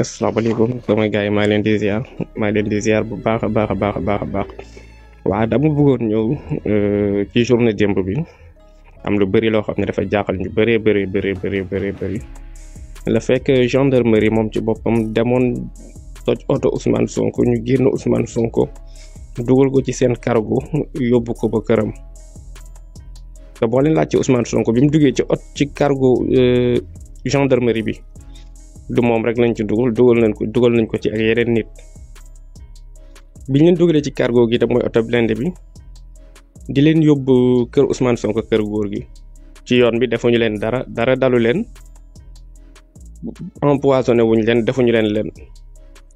asalaamaaleykum sama gars yi maa leen di ziar maa leen di ziar bu baax a baax a baax a dama bëggoon ñëw ci journée démb bi am lu bëri loo xam dafa jaaxal ñu bëree bëri bëri bëri bëri bëri la fekk gendarmerie moom ci boppam demoon toj oto Ousmane Sonko ñu génn Ousmane Sonko ko ci cargo ko ba Ousmane Sonko ci ci cargo eh, gendarmerie bi du mom rek lañ ci dugul dugul nañ ko dugul nañ ko ci ak yeneen nit biñ leen dugulé ci cargo gi da moy auto blindé bi di leen yobbu keur Ousmane Sonko keur goor gi ci yoon bi defuñu leen dara dara dalu leen empoisonné wuñ leen defuñu leen leen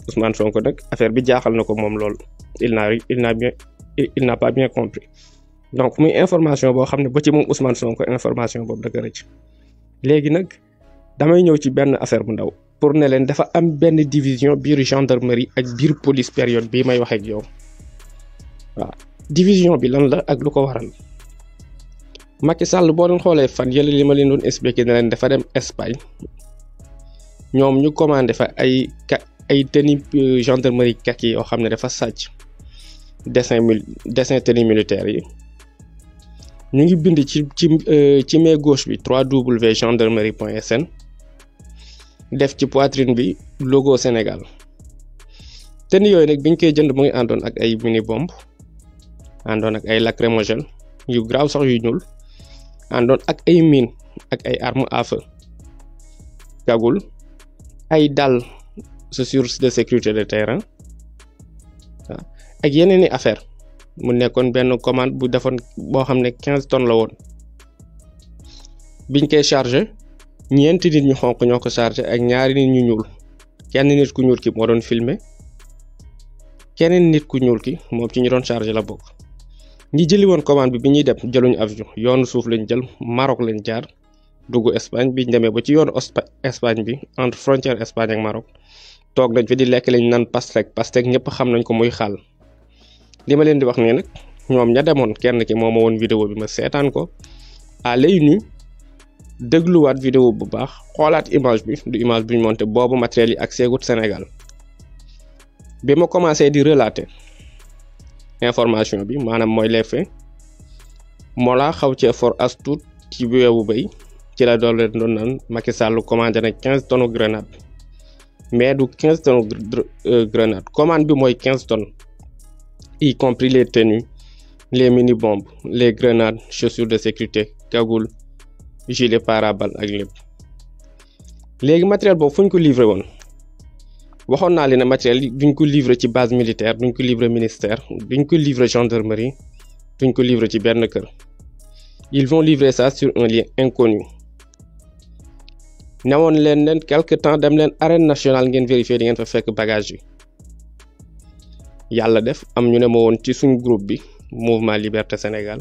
Ousmane Sonko nak affaire bi jaaxal nako mom moom lool il n'a il n'a bien il n'a pas bien compris donc muy information bo xamné ba ci mom Ousmane Sonko information boobu da ko rëcc légui nak damay ñëw ci ben affaire bu ndaw pour ne leen dafa am benn division biir gendarmerie ak biir police période bii may wax ak yow waaw division bi lan la ak lu ko waral Macky Sall boo doon xoolee fan yële li ma leen doon expliqué ne leen dafa dem Espagne ñoom ñu commandé fa ay ka ay tenue euh, gendarmerie kaki yoo xam ne dafa sàcc dessin mil dessin tenue militaire yi ñu ngi bind ci ci euh, ci main gauche bi 3w gendarmerie point sn def ci poitrine bi logo Senegal. tenue yoy nak biñ koy jënd mo ngi andon ak ay mini bomb andon ak ay lacrymogène yu graw sax yu ñul andon ak ay mine ak ay arme à feu gagul ay dal source de sécurité de terrain ak yeneeni affaire mu nekkon benn commande bu defoon boo xam ne tonnes la woon biñ koy charger ñeenti nit ñu xonk ñoko ko ak ñaari nit ñu ñuul kenn nit ku ñuul ki mo doon filmé kenen nit ku ñuul ki moom ci ñu doon chargé la bok ñi jëli won commande bi bi ñuy dem jëluñu avion yoonu suuf lañ jël Maroc lañ jaar Espagne bi ñëmé ba ci yoonu Espagne bi entre frontière Espagne ak Maroc tok nañ fi di lek lañ nan pastèque pastèque ñepp xam nañ ko muy xal lima leen di wax ne nak ñom ña demone kenn ki moma ma vidéo bi ma seetaan ko à l'œil nu wat vidéo bu baax xoolaat image bi du image buñ monté bobu matériel yi ak seegut Sénégal bi ma commencé di relater information bi manam moy les faits xaw ci effort tuut ci weewu bay ci la doon leen nan Macky Sall commandé na quinze tonnes de grenade mais du quinze tonnes de euh, grenade commande bi moy quinze tonnes y compris les tenues les mini bombes les grenades chaussures de sécurité cagoule je les balles ak Les légui matériel bo fu ko livré won waxon na leen matériel duñ ko livrer ci base militaire duñ ko livrer ministère duñ ko livrer gendarmerie duñ ko livrer ci benn kër ils vont livrer ça sur un lien inconnu newoon len len quelque temps dem len arène nationale ngeen vérifier di ngeen fa fekk bagage yi def am ñu ne ma ci suñ groupe bi mouvement Liberté Sénégal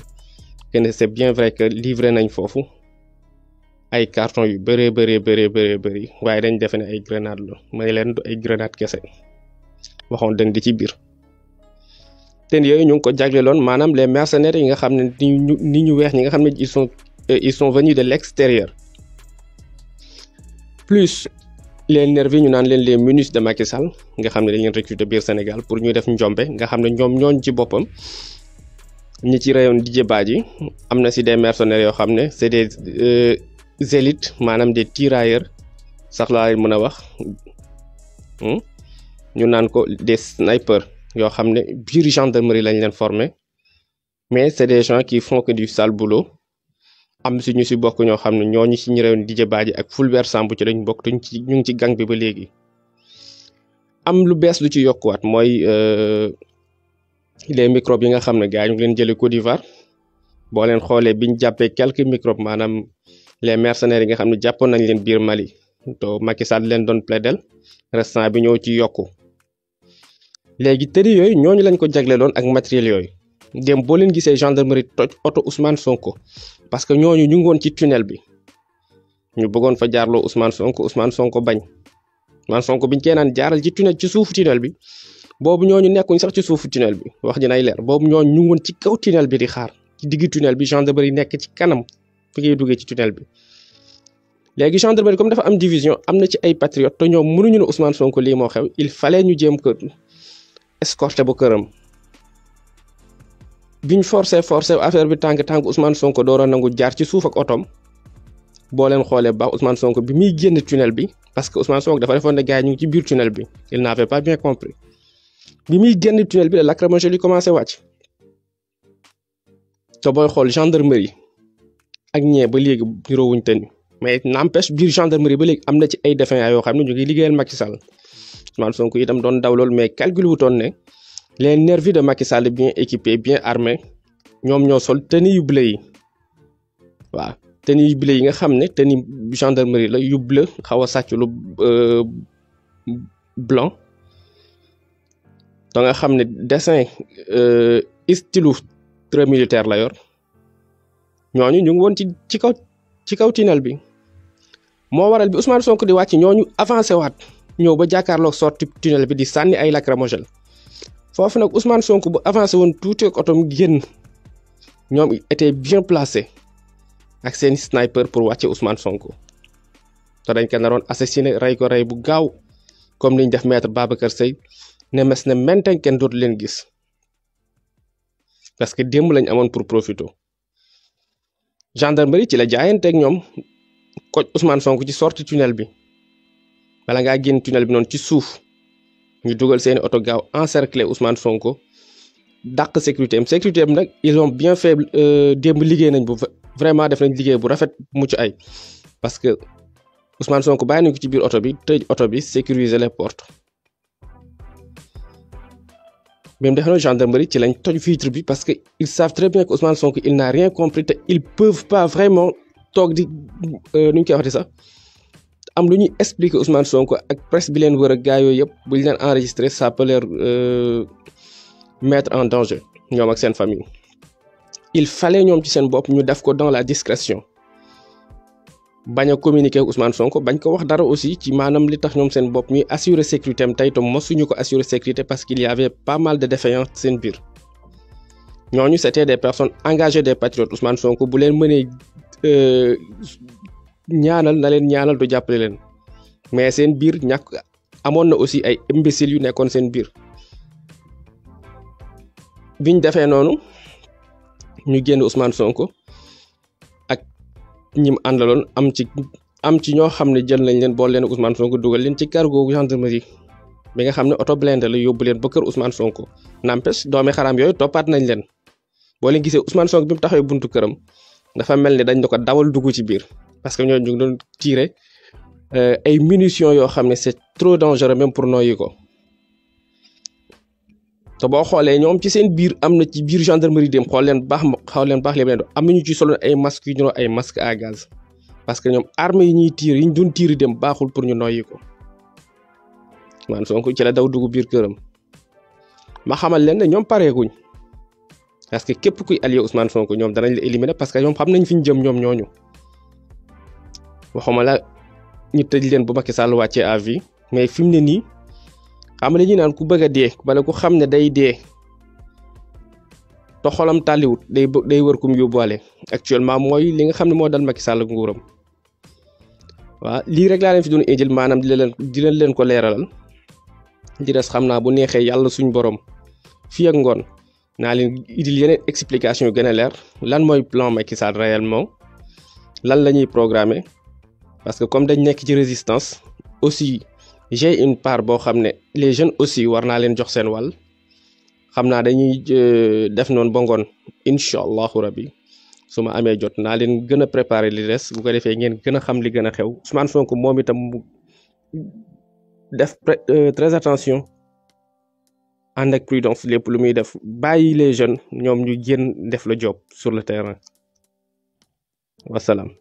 que c'est bien vrai que livrer nañ fofu ay carton yu bëree bëree bëree bëree bëri waaye dañ defe ne ay grenade la may leen du ay grenade kese waxoon dañ di ci biir ten yooyu ñu ngi ko jagleeloon maanaam les mercenaires yi nga xam ne ni ñu ni ñu weex ñi nga xam ne ils sont euh, ils sont venus de l'extérieur plus les nervis ñu naan leen les munis de Macky Sall nga xam ne dañ leen recruter biir Sénégal pour ñu def njombe nga xam ne ñoom ñooñ ci boppam ñi ci rayon Didier Badji am na si des mercenaires yoo xam ne c'est des euh, élites maanaam des tirailleurs sax laay mën a wax hmm? ñu naan ko des snipers yoo xam ne biir gendarmerie lañ leen formé mais c'est des gens qui du sale boulot am si ñu si bokk ñoo xam ne ñooñu si ñu réew ak Fulbert Sambou ci lañ bokk duñ ci ñu ngi ci gang bi ba léegi am lu bees lu ci yokkuwaat mooy de euh, microbes yi nga xam ne gars yi ñu ngi leen jële Côte d'Ivoire boo leen xoolee biñ jàppee quelques microbes maanaam. les mercenaires yi nga xamni ne nañ leen bir Mali to Macky Sall leen don plaidel restant bi ñëw ci yokku léegi tëri yooyu ñooñu lañ ko jaglé jagleloon ak matériel yoy dem bo leen gisé gendarmerie toj auto Ousmane Sonko parce que ñooñu ñu ngi woon ci tunnel bi ñu bëggoon fa jaarlo Ousmane Sonko Ousmane Sonko bañ Ousmane Sonko biñ kee naan jaaral ci tunnel ci suufu tunnel bi boobu ñooñu nekkuñ sax ci suufu tunnel bi wax ji nay leer bobu ñooñu ñu ngone ci kaw tunnel bi di xaar ci digi tunnel bi gendarmerie nekk ci kanam Il duggee ci bi gendarmerie comme dafa am division am ci ay patriotes ñoom mënuñu Ousmane Sonko il fallait ñu escorter bu këram forcé forcé affaire bi Ousmane Sonko nangu jaar ci ak otom Ousmane Sonko tunnel parce que Ousmane Sonko dafa tunnel il n'avait pas bien compris bi muy tunnel bi la commencé wàcc gendarmerie ak ba léegi mais n'empêche gendarmerie ba des ci ay ñu ngi Macky Sall Ousmane mais calcul les nervis de Macky Sall bien équipés bien armés ils ñoo sol tenue bleu yi wa tenue bleu yi nga gendarmerie la yu bleu xawa euh, blanc euh, très militaire la ñooñu ñu ngi woon ci ci kaw ci kaw tunnel bi moo waral bi Ousmane Sonko di wàcc ñooñu avancé waat ñëw ba jàkkaarloog sorti tunnel bi di sànni ay lacrymogène foofu nag Ousmane Sonko bu avancé woon tuuti ak otom génn ñoom était bien placé ak seen sniper pour wàcce Ousmane Sonko te dañ ko naroon assassiné rey ko rey bu gaaw comme liñ def maître Babacar Seye ne mes ne menten kenn dootu leen gis parce que démb lañ amoon pour profito gendarmerie ci la jaayanteeg ñom koj Ousmane Sonko ci sorti tunnel bi bala nga génn tunnel bi non ci souf ñu duggal seen auto gaaw encercler Ousmane Sonko dak sécurité am sécurité nak ils ont bien fait euh, demb liggéey nañ bu vraiment def nañ liggéey bu rafet mucc ay parce que Ousmane Sonko bàyyi ko ci biir auto bi tej auto bi sécuriser les portes même des gendarmerie ci lañ toj vitre bi parce que ils savent très bien que Ousmane Sonko il n'a rien compris te ils peuvent pas vraiment toog di euh, nu ñu koy waxati ça am lu ñuy expliquer Ousmane Sonko ak presse bi leen wër ak gars yëpp bu leen enregistré ça peut leur euh, mettre en danger ñom ak seen famille il fallait ñom ci seen bop ñu def ko dans la discrétion baña communiquer Ousmane Sonko bañ ko wax dara aussi ci manam li tax ñom seen bop ñuy assurer sécurité tay to te mosuñu ko assurer sécurité parce qu'il y avait pas mal de défaillance seen biir ñooñu c'était des personnes engagées des patriotes Ousmane Sonko bu leen euh ñaanal na leen ñaanal du jàppale leen mais seen biir ñak amoon na aussi ay imbécile yu nekkon seen biir biñ défé nonu ñu génn Ousmane Sonko. ñi mu àndaloon am ci am ci ñoo xam ne jël nañ leen boole leen Ousmane Sonko dugal leen ci kar googu gendarmerie bi nga xam ne oto blindé la yóbbu leen ba kër Ousmane Sonko n'empêche doomi xaraam yooyu toppaat nañ leen boo leen gisee Ousmane Sonko bi mu taxawee buntu këram dafa mel ni dañ ne ko dawal dugg ci biir parce que ñooñu ñu ngi doon tiire euh, ay munitions yoo xam ne c'est trop dangereux même pour noyyi ko. te boo xoolee ñoom ci seen biir am na ci biir gendarmerie dem xool leen baax xool leen baax leen am na ñu ci solo ay masques yu ñu ay masque a gaz parce que ñoom arme yi ñuy tiir yi ñu doon tiiri dem baaxul pour ñu noyyi ko man Sonko ci la daw dugg biir këram ma xamal leen ne ñoom pareeguñ parce que képp kuy allié Ousmane Sonko ñoom danañ la éliminer parce que ñoom xam nañ fi ñu jëm ñoom ñooñu waxuma ñu tëj leen bu Macky Sall wàccee à vie mais fi mu ne nii. xam na ñu naan ku bëgg a dee wala ku xam ne day dee te xolam tàlliwut day day wër kum yóbbuwaale actuellement mooy li nga xam ne moo dal Macky Sall ak nguuram lii rek laa leen fi doon indil maanaam di leen di leen leen ko leeralal di des xam naa bu neexee yàlla suñ borom fii ak ngoon naa leen indil yeneen explication yu gën a leer lan mooy plan Macky Sall lan la ñuy programmer parce que comme dañ nekk ci résistance aussi. j'ai une part boo xam ne les jeunes aussi war naa leen jox seen wàll xam naa dañuy euh, def noon ba ngoon incha allahu rabbi su ma amee jot naa leen gën a préparer li des bu ko defee ngeen gën a xam li gën a xew Ousmane Sonko moom itam mu def euh, très attention ànd ak prudence lépp lu muy def bàyyi les jeunes ñoom ñu génn def la job sur le terrain wasalaam.